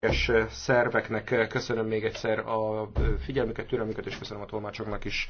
és szerveknek köszönöm még egyszer a figyelmüket, türelmüket, és köszönöm a tolmácsoknak is.